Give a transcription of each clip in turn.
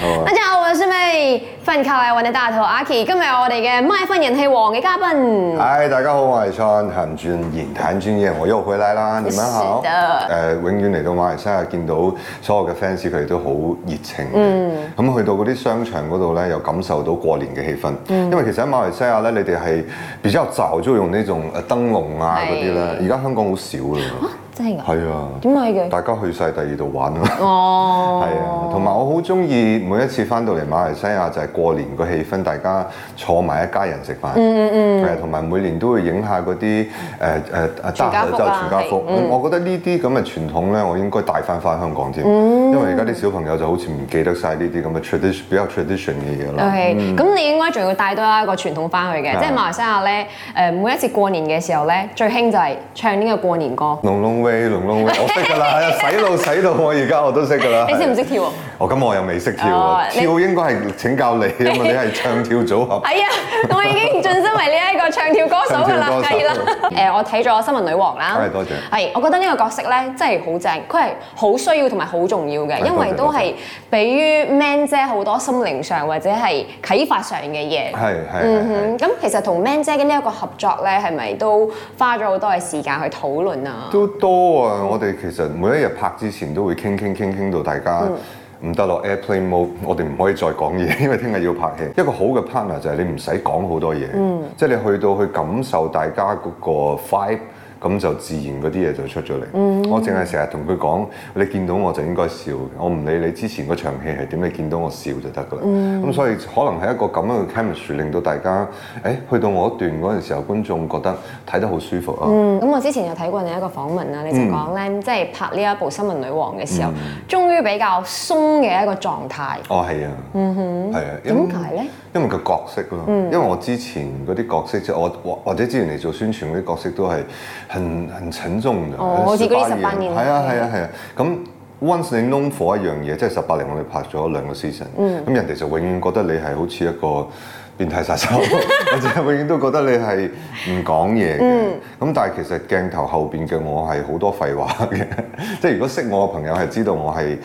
哦、大家好，我是咪范克萊温的大頭阿奇，今日我哋嘅 MY FUN 人氣王嘅嘉賓。唉，大家好，我係譚俊彥，言談專業，我又回來啦。咁樣係，誒、嗯，永遠嚟到馬來西亞見到所有嘅 fans，佢哋都好熱情嘅。咁去到嗰啲商場嗰度咧，又感受到過年嘅氣氛。因為其實喺馬來西亞咧，你哋係比較就中意用呢種燈籠啊嗰啲啦。而家的香港好少啦。啊係啊，點解嘅？大家去曬第二度玩啊！哦，係啊，同埋我好中意每一次翻到嚟馬來西亞，就係過年個氣氛，大家坐埋一家人食飯，嗯嗯嗯，係啊，同埋每年都會影下嗰啲誒誒全家福全家福。我覺得呢啲咁嘅傳統咧，我應該帶翻翻香港添，因為而家啲小朋友就好似唔記得晒呢啲咁嘅 tradition 比較 tradition 嘅嘢咯。係咁你應該仲要帶多一個傳統翻去嘅，即係馬來西亞咧誒每一次過年嘅時候咧，最興就係唱呢個過年歌。龍 我識㗎啦，洗腦洗到。我而家我都識㗎啦。 你識唔識跳啊？我今我又未識跳，跳應該係請教你啊嘛， 你係唱跳組合。係啊， 我已經晉身為呢一個唱跳歌手㗎啦，係啦。誒、 呃，我睇咗《新聞女王》啦。多、 哎、謝，謝謝謝。係，我覺得呢個角色咧真係好正，佢係好需要同埋好重要嘅， 因為都係俾於 Man 姐好多心靈上或者係啟發上嘅嘢。係係。嗯哼，咁其實同 Man 姐嘅呢一個合作咧，係咪都花咗好多嘅時間去討論啊？都多。啊！我哋其實每一日拍之前都會傾傾傾傾到大家唔得咯。嗯、Airplane mode，我哋唔可以再講嘢，因為聽日要拍戲。一個好嘅 partner 就係你唔使講好多嘢，嗯、即係你去到去感受大家嗰個 vibe。咁就自然嗰啲嘢就出咗嚟。嗯、我淨係成日同佢講，你見到我就應該笑。我唔理你之前嗰場戲係點，你見到我笑就得㗎啦。咁、嗯嗯、所以可能係一個咁樣嘅 chemistry 令到大家，誒、欸、去到我一段嗰陣時候，觀眾覺得睇得好舒服啊。咁、嗯、我之前有睇過你一個訪問啊，你就講呢，嗯、即係拍呢一部《嗯、新聞女王》嘅時候，嗯、終於比較鬆嘅一個狀態。哦、嗯，係、嗯、啊。嗯哼。係啊。點解呢？因為個角色咯。嗯、因為我之前嗰啲角色即係我或或者之前嚟做宣傳嗰啲角色都係。很很沉重嘅，十八年。係啊係啊係啊。咁 once 你 known for 一樣嘢，即係十八年我哋拍咗兩個 season、嗯。咁人哋就永遠覺得你係好似一個變態殺手， 或者永遠都覺得你係唔講嘢嘅。咁、嗯、但係其實鏡頭後邊嘅我係好多廢話嘅。即係如果識我嘅朋友係知道我係。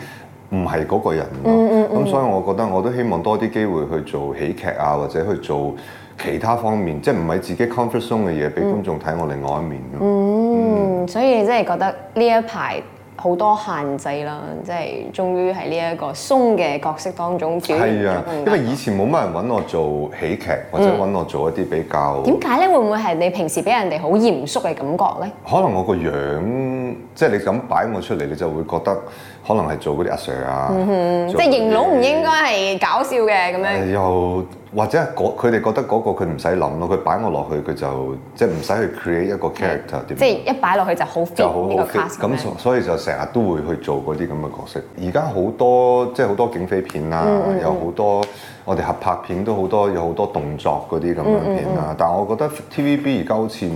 唔係嗰個人咯，咁、嗯嗯、所以我覺得我都希望多啲機會去做喜劇啊，或者去做其他方面，即係唔係自己 comfort zone 嘅嘢，俾觀眾睇我另外一面咯。嗯，嗯，所以你真係覺得呢一排。好多限制啦，即係終於喺呢一個鬆嘅角色當中。係啊，麼因為以前冇乜人揾我做喜劇，嗯、或者揾我做一啲比較……點解咧？會唔會係你平時俾人哋好嚴肅嘅感覺咧？可能我個樣，即係你咁擺我出嚟，你就會覺得可能係做嗰啲阿 Sir 啊，嗯、哼即係型佬唔應該係搞笑嘅咁樣。呃又或者係佢哋覺得嗰個佢唔使諗咯，佢擺我落去佢就即係唔使去 create 一個 character 點是。即係樣一擺落去就好就好好 fit 呢個 cast 咁。所以就成日都會去做嗰啲咁嘅角色。而家好多即係好多警匪片啊，嗯嗯嗯有好多我哋合拍片都好多，有好多動作嗰啲咁樣片啦、啊。但係我覺得 TVB 而家好似。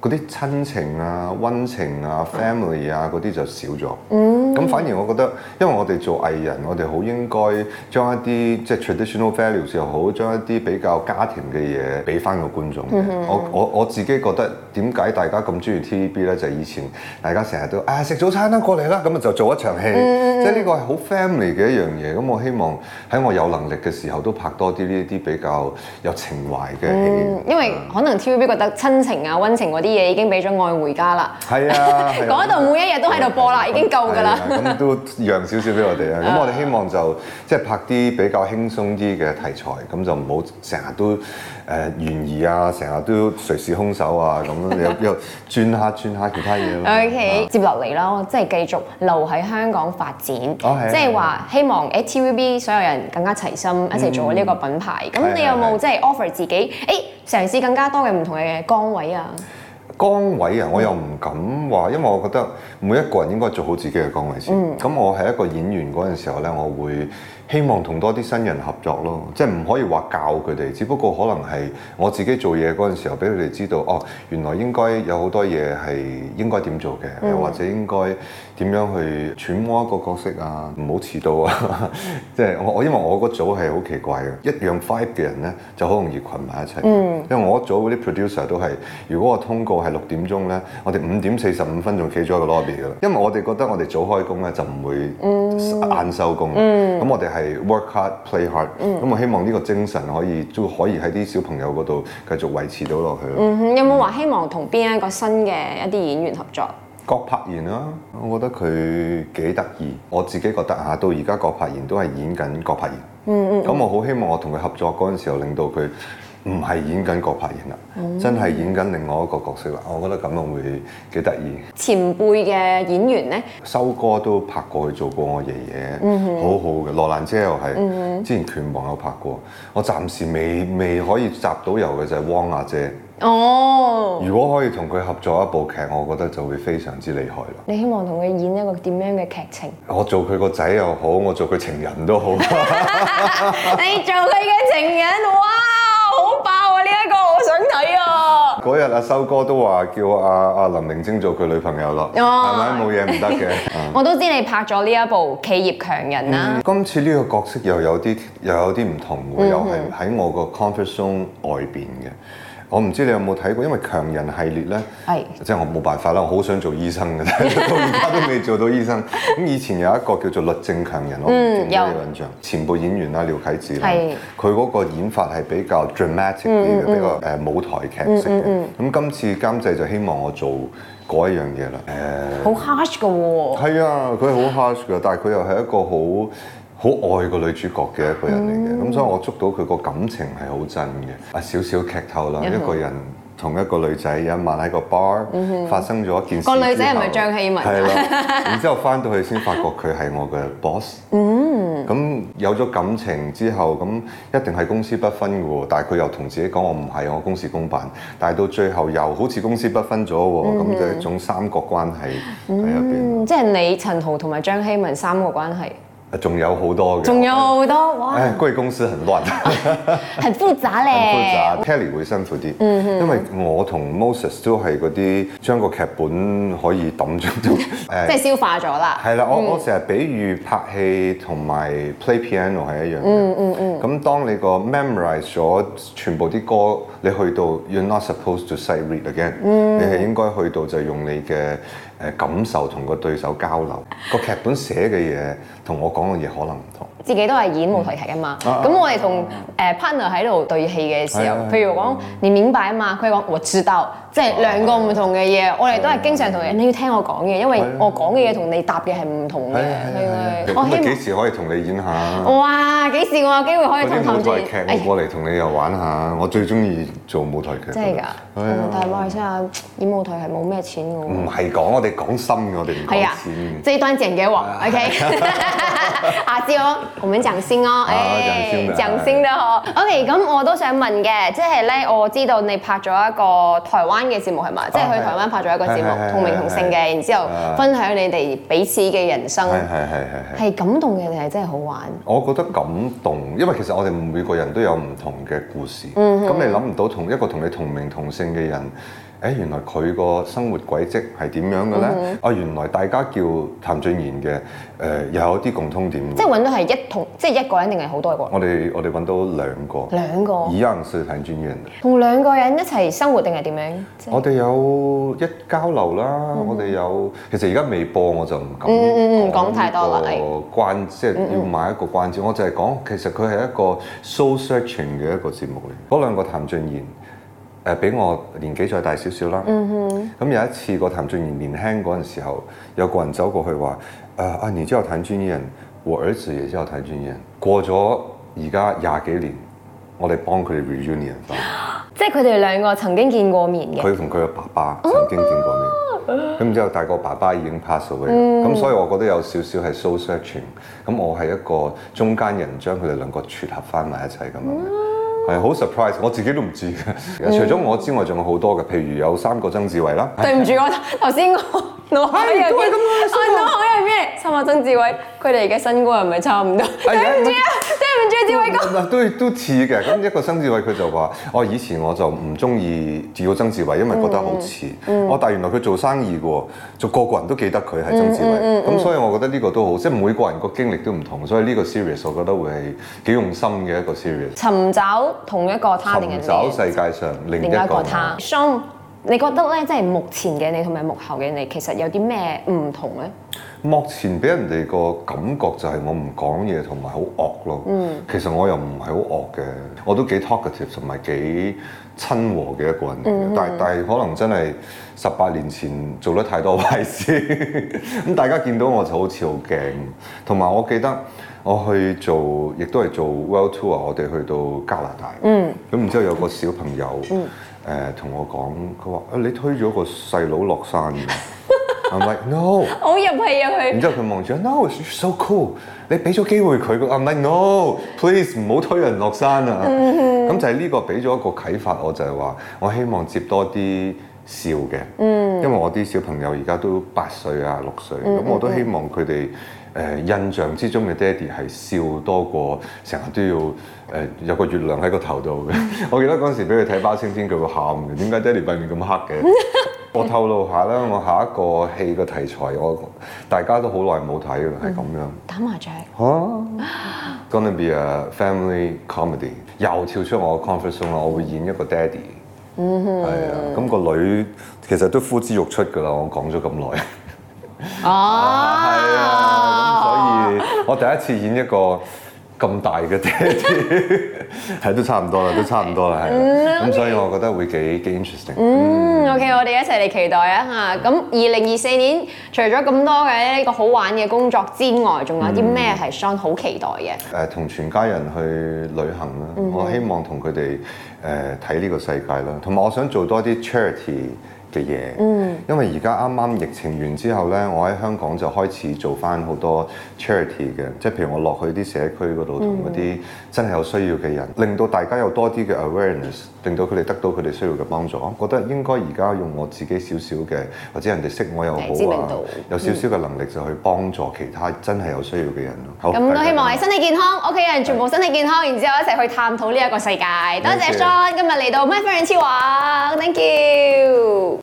嗰啲親情啊、溫情啊、family 啊嗰啲就少咗。咁、mm hmm. 反而我覺得，因為我哋做藝人，我哋好應該將一啲即係、就是、traditional values 又好，將一啲比較家庭嘅嘢俾翻個觀眾嘅、mm hmm.。我我我自己覺得點解大家咁中意 TVB 咧？就係、是、以前大家成日都啊食早餐啦、啊，過嚟啦，咁啊就做一場戲，mm hmm. 即係呢個係好 family 嘅一樣嘢。咁我希望喺我有能力嘅時候都拍多啲呢啲比較有情懷嘅戲，mm hmm. uh, 因為可能 TVB 覺得親情啊、溫情啲嘢已經俾咗愛回家啦，係啊，講到每一日都喺度播啦，已經夠㗎啦。咁都讓少少俾我哋啊！咁我哋希望就即係拍啲比較輕鬆啲嘅題材，咁就唔好成日都誒懸疑啊，成日都隨時兇手啊咁。你又又轉下轉下其他嘢咯。OK，接落嚟咯，即係繼續留喺香港發展。即係話希望誒 TVB 所有人更加齊心一齊做呢個品牌。咁你有冇即係 offer 自己誒嘗試更加多嘅唔同嘅崗位啊？崗位啊，我又唔敢話，嗯、因為我覺得每一個人都應該做好自己嘅崗位先。咁、嗯、我係一個演員嗰陣時候呢，我會希望同多啲新人合作咯，即係唔可以話教佢哋，只不過可能係我自己做嘢嗰陣時候，俾佢哋知道哦，原來應該有好多嘢係應該點做嘅，嗯、或者應該，點樣去揣摩一個角色啊？唔好遲到啊！即 係我我因為我個組係好奇怪嘅，一樣 five 嘅人咧就好容易群埋一齊。因為我組嗰啲 producer 都係，如果我通告係六點鐘咧，我哋五點四十五分仲企咗一個 lobby 噶啦。因為我哋覺得我哋早開工咧就唔會晏收工啦。咁、嗯嗯、我哋係 work hard, play hard、嗯。咁我希望呢個精神可以都可以喺啲小朋友嗰度繼續維持到落去。嗯，有冇話希望同邊一個新嘅一啲演員合作？郭柏妍啦、啊，我覺得佢幾得意，我自己覺得嚇，到而家郭柏妍都係演緊郭柏妍。嗯嗯。咁、嗯、我好希望我同佢合作嗰陣時候，令到佢。 唔係演緊國拍嘢啦，嗯、真係演緊另外一個角色啦。我覺得咁樣會幾得意。前輩嘅演員呢，修哥都拍過去做過我爺爺，嗯、哼好好嘅。羅蘭姐又係，嗯、哼之前拳王有拍過。我暫時未未可以集到遊嘅就係汪阿姐。哦，如果可以同佢合作一部劇，我覺得就會非常之厲害啦。你希望同佢演一個點樣嘅劇情？我做佢個仔又好，我做佢情人都好。 你做佢嘅情人，哇！哥我想睇啊！嗰日阿修哥都話叫阿、啊、阿、啊、林明晶做佢女朋友咯，係咪冇嘢唔得嘅？我都知你拍咗呢一部《企業強人》啦、嗯。今次呢個角色又有啲又有啲唔同嘅，又係喺我個 comfort zone 外邊嘅。我唔知你有冇睇過，因為強人系列咧，是即係我冇辦法啦，我好想做醫生嘅，到而家都未做到醫生。咁 以前有一個叫做律政強人，嗯、我你有印象，前輩演員啦，廖啟智啦，佢嗰是個演法係比較 dramatic 啲嘅，嗯嗯、比較誒、呃、舞台劇性嘅。咁今次監製就希望我做嗰一樣嘢啦。誒、嗯，好 harsh 㗎喎！係啊，佢好 harsh 㗎，但係佢又係一個好好愛個女主角嘅一個人嚟嘅，咁、嗯、所以我捉到佢個感情係好真嘅。啊，少少劇透啦，嗯、一個人同一個女仔一晚喺個 bar、嗯、哼發生咗一件事。事。個女仔係咪張希文？係啦， 然之後翻到去先發覺佢係我嘅 boss。嗯。咁有咗感情之後，咁一定係公私不分嘅喎。但係佢又同自己講：我唔係，我公事公辦。但係到最後又好似公私不分咗喎。咁、嗯、哼就係一種三角關係喺入邊。即係、嗯就是、你、陳豪同埋張希文三個關係。誒，仲有好多嘅。仲有好多，哇！誒，貴公司很亂，很複雜咧。很複雜，Kelly 會辛苦啲。嗯嗯。因為我同 Moses 都係嗰啲將個劇本可以抌咗，誒，即係消化咗啦。係啦，我我成日比喻拍戲同埋 play piano 係一樣嘅。嗯嗯嗯。咁當你個 memorise 咗全部啲歌，你去到 you're not supposed to sight read again，你係應該去到就用你嘅。誒，感受同個對手交流，個劇本寫嘅嘢同我講嘅嘢可能唔同。自己都係演舞台劇啊嘛，咁我哋同誒 partner 喺度對戲嘅時候，譬如講你明白啊嘛，佢講我知道，即係兩個唔同嘅嘢，我哋都係經常同你，你要聽我講嘢，因為我講嘅嘢同你答嘅係唔同嘅，我幾時可以同你演下？哇！幾時我有機會可以同舞台劇過嚟同你又玩下？我最中意做舞台劇，真係㗎，但係話聲啊，演舞台係冇咩錢喎。唔係講我哋講心㗎，我哋唔講錢，即係當正嘅話，OK，下次我。同名掌聲咯，誒掌聲啦，OK，咁我都想問嘅，即係咧，我知道你拍咗一個台灣嘅節目係咪？即係、啊、去台灣拍咗一個節目，同名同姓嘅，的然之後分享你哋彼此嘅人生，係係係係係，感動嘅定係真係好玩？我覺得感動，因為其實我哋每個人都有唔同嘅故事，咁、嗯、哼你諗唔到同一個同你同名同姓嘅人。誒，原來佢個生活軌跡係點樣嘅咧？啊，原來大家叫譚俊彥嘅，誒，又有啲共通點。即係揾到係一同，即係一個人定係好多個人？我哋我哋揾到兩個。兩個。已經係同譚俊彥。同兩個人一齊生活定係點樣？我哋有一交流啦，我哋有其實而家未播，我就唔敢講太多啦。關即係要買一個關子，我就係講其實佢係一個 soul searching 嘅一個節目嚟。嗰兩個譚俊彥。誒俾我年紀再大少少啦。咁、mm hmm. 嗯、有一次個譚俊彥年輕嗰陣時候，有個人走過去話：誒、呃、啊！然之後譚俊彥人，和一世，然之後譚俊彥人。」過咗而家廿幾年，我哋幫佢哋 reunion 翻。即係佢哋兩個曾經見過面。佢同佢嘅爸爸曾經見過面。咁、oh. 然之後大個爸爸已經 pass 咗去。咁、mm hmm. 所以我覺得有少少係 social searching。咁我係一個中間人，將佢哋兩個撮合翻埋一齊咁樣。Oh. 係好 surprise，我自己都唔知嘅。嗯、除咗我之外，仲有好多嘅。譬如有三個曾志偉啦。對唔住， 才我頭先我我腦閪啊，點解咁閪多？差阿曾志偉，佢哋嘅身高又唔係差唔多，對唔住啊，對唔住，志偉哥。嗱，都都似嘅，咁一個曾志偉佢就話：我以前我就唔中意自叫曾志偉，因為覺得好似。我但原來佢做生意嘅，就個個人都記得佢係曾志偉。咁所以我覺得呢個都好，即係每個人個經歷都唔同，所以呢個 series 我覺得會係幾用心嘅一個 series。尋找同一個他，尋找世界上另一個他。你覺得咧，即係目前嘅你同埋幕後嘅你，其實有啲咩唔同咧？目前俾人哋個感覺就係我唔講嘢同埋好惡咯。嗯，其實我又唔係好惡嘅，我都幾 talkative 同埋幾親和嘅一個人、嗯、哼但係但係可能真係十八年前做得太多壞事，咁 大家見到我就好似好驚。同埋我記得我去做，亦都係做 world tour，我哋去到加拿大。嗯，咁然之後有個小朋友。嗯誒同、呃、我講，佢話：誒你推咗個細佬落山 ，I'm like no。好入戲啊佢。然之後佢望住我，no，so cool。 你俾咗機會佢，I'm like no。Please 唔好推人落山啊！咁、mm hmm. 就係呢個俾咗一個啟發我，我就係話，我希望接多啲笑嘅，mm hmm. 因為我啲小朋友而家都八歲啊、六歲，咁、mm hmm. 我都希望佢哋。誒、呃、印象之中嘅爹哋係笑多過成日都要誒、呃、有個月亮喺個頭度嘅。 我記得嗰陣時俾佢睇包青天，佢會喊嘅。點解爹哋塊面咁黑嘅？ 我透露下啦，我下一個戲嘅題材，我大家都好耐冇睇嘅，係咁樣、嗯。打麻雀。嚇 Huh? ！Gonna be a family comedy，又跳出我嘅 comfort zone 啦。我會演一個爹哋，係啊、嗯哼。咁、哎那個女其實都呼之欲出噶啦。我講咗咁耐。哦，係、oh, 啊，所以我第一次演一個咁大嘅爹哋，係 都差唔多啦，都差唔多啦，係、啊。咁所以我覺得會幾幾 interesting 嗯。嗯，OK，我哋一齊嚟期待啊嚇！咁二零二四年除咗咁多嘅一個好玩嘅工作之外，仲有啲咩係 Shaun 好期待嘅？誒、嗯，同全家人去旅行啦，我希望同佢哋誒睇呢個世界啦，同埋我想做多啲 charity 嘅嘢，嗯、因為而家啱啱疫情完之後呢，我喺香港就開始做返好多 charity 嘅，即係譬如我落去啲社區嗰度同嗰啲真係有需要嘅人，令到大家有多啲嘅 awareness，令到佢哋得到佢哋需要嘅幫助。我、啊、覺得應該而家用我自己少少嘅，或者人哋識我又好啊，嗯、有少少嘅能力就去幫助其他真係有需要嘅人咯。咁都希望你身體健康，屋企人全部身體健康，對然之後一齊去探討呢一個世界。多對謝 Shawn 今日嚟到 My Fun 人氣王，Thank you。